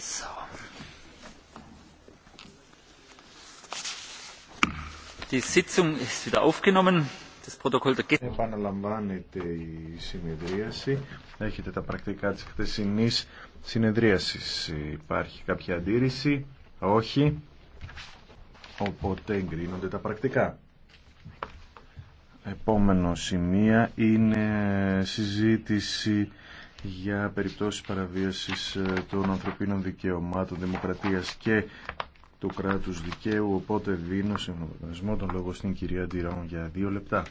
So. Επαναλαμβάνεται η συνεδρίαση. Έχετε τα πρακτικά της χθεσινής συνεδρίασης. Υπάρχει κάποια αντίρρηση. Όχι. Οπότε εγκρίνονται τα πρακτικά. Επόμενο σημείο είναι συζήτηση για περιπτώσεις παραβίασης ε, των ανθρωπίνων δικαιωμάτων, δημοκρατίας και του κράτους δικαίου, οπότε δίνω σε τον λόγο στην κυρία Ντυραών για δύο λεπτά.